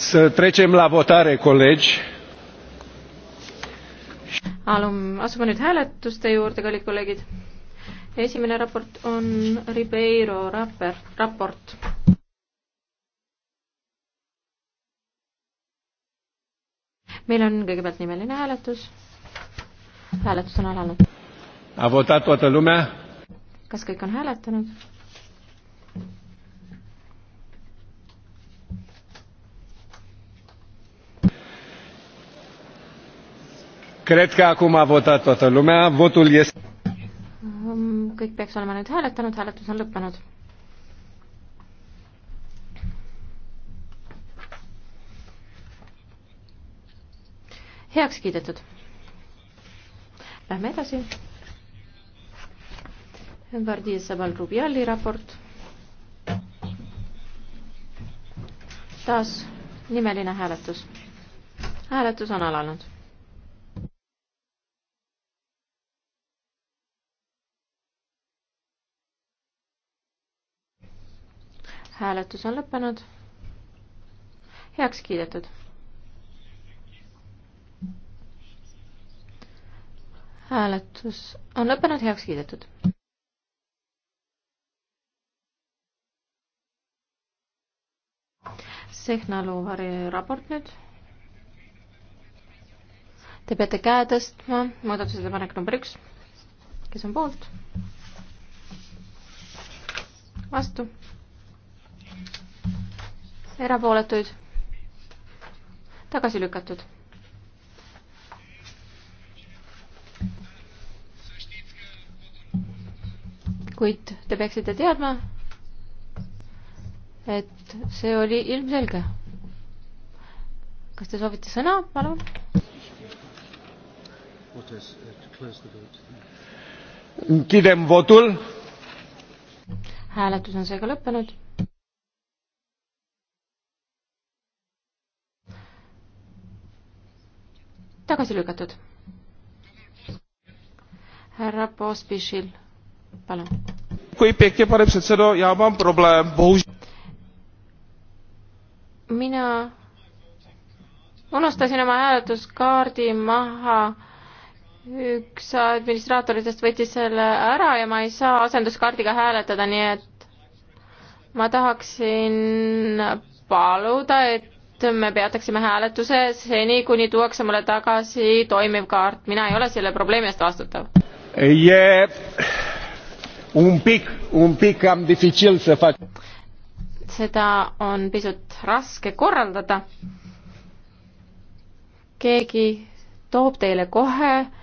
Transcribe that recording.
Să trecem la votare, colegi. Alum, asume nüüd hääletuste juurde, kallid kolleegid. esimene raport on Ribeiro raper, raport. meil on kõigepealt nimeline hääletus. hääletus on alanud. A votat toată lumea? Kas kõik on hääletanud? Cred că acum a votat toată lumea. Votul este... Mm, Kõik peaks olema nüüd hääletanud. Hääletus on lõppenud. Heaks kiidetud. Lähme edasi. Vardies Sabal Rubiali raport. Taas nimeline hääletus. Hääletus on alanud. hääletus on lõppenud. heaks kiidetud. hääletus on lõppenud, heaks kiidetud. Sehna-Luuvari raport nüüd. Te peate käe tõstma, muudatusettepanek number üks. kes on poolt? vastu erapooletuid, tagasi lükatud. kuid te peaksite teadma, et see oli ilmselge. kas te soovite sõna, palun? Închidem votul. Hääletus on seega lõppenud. tagasi lükatud. härra Pospišil, palun. kui pekki paneb seda ja ma probleem, mina unustasin oma hääletuskaardi maha üks administraatoritest võttis selle ära ja ma ei saa asenduskaardiga hääletada, nii et ma tahaksin paluda, et et me peataksime hääletuse seni, kuni tuuakse mulle tagasi toimiv kaart. mina ei ole selle probleemi eest vastutav. E seda on pisut raske korraldada. keegi toob teile kohe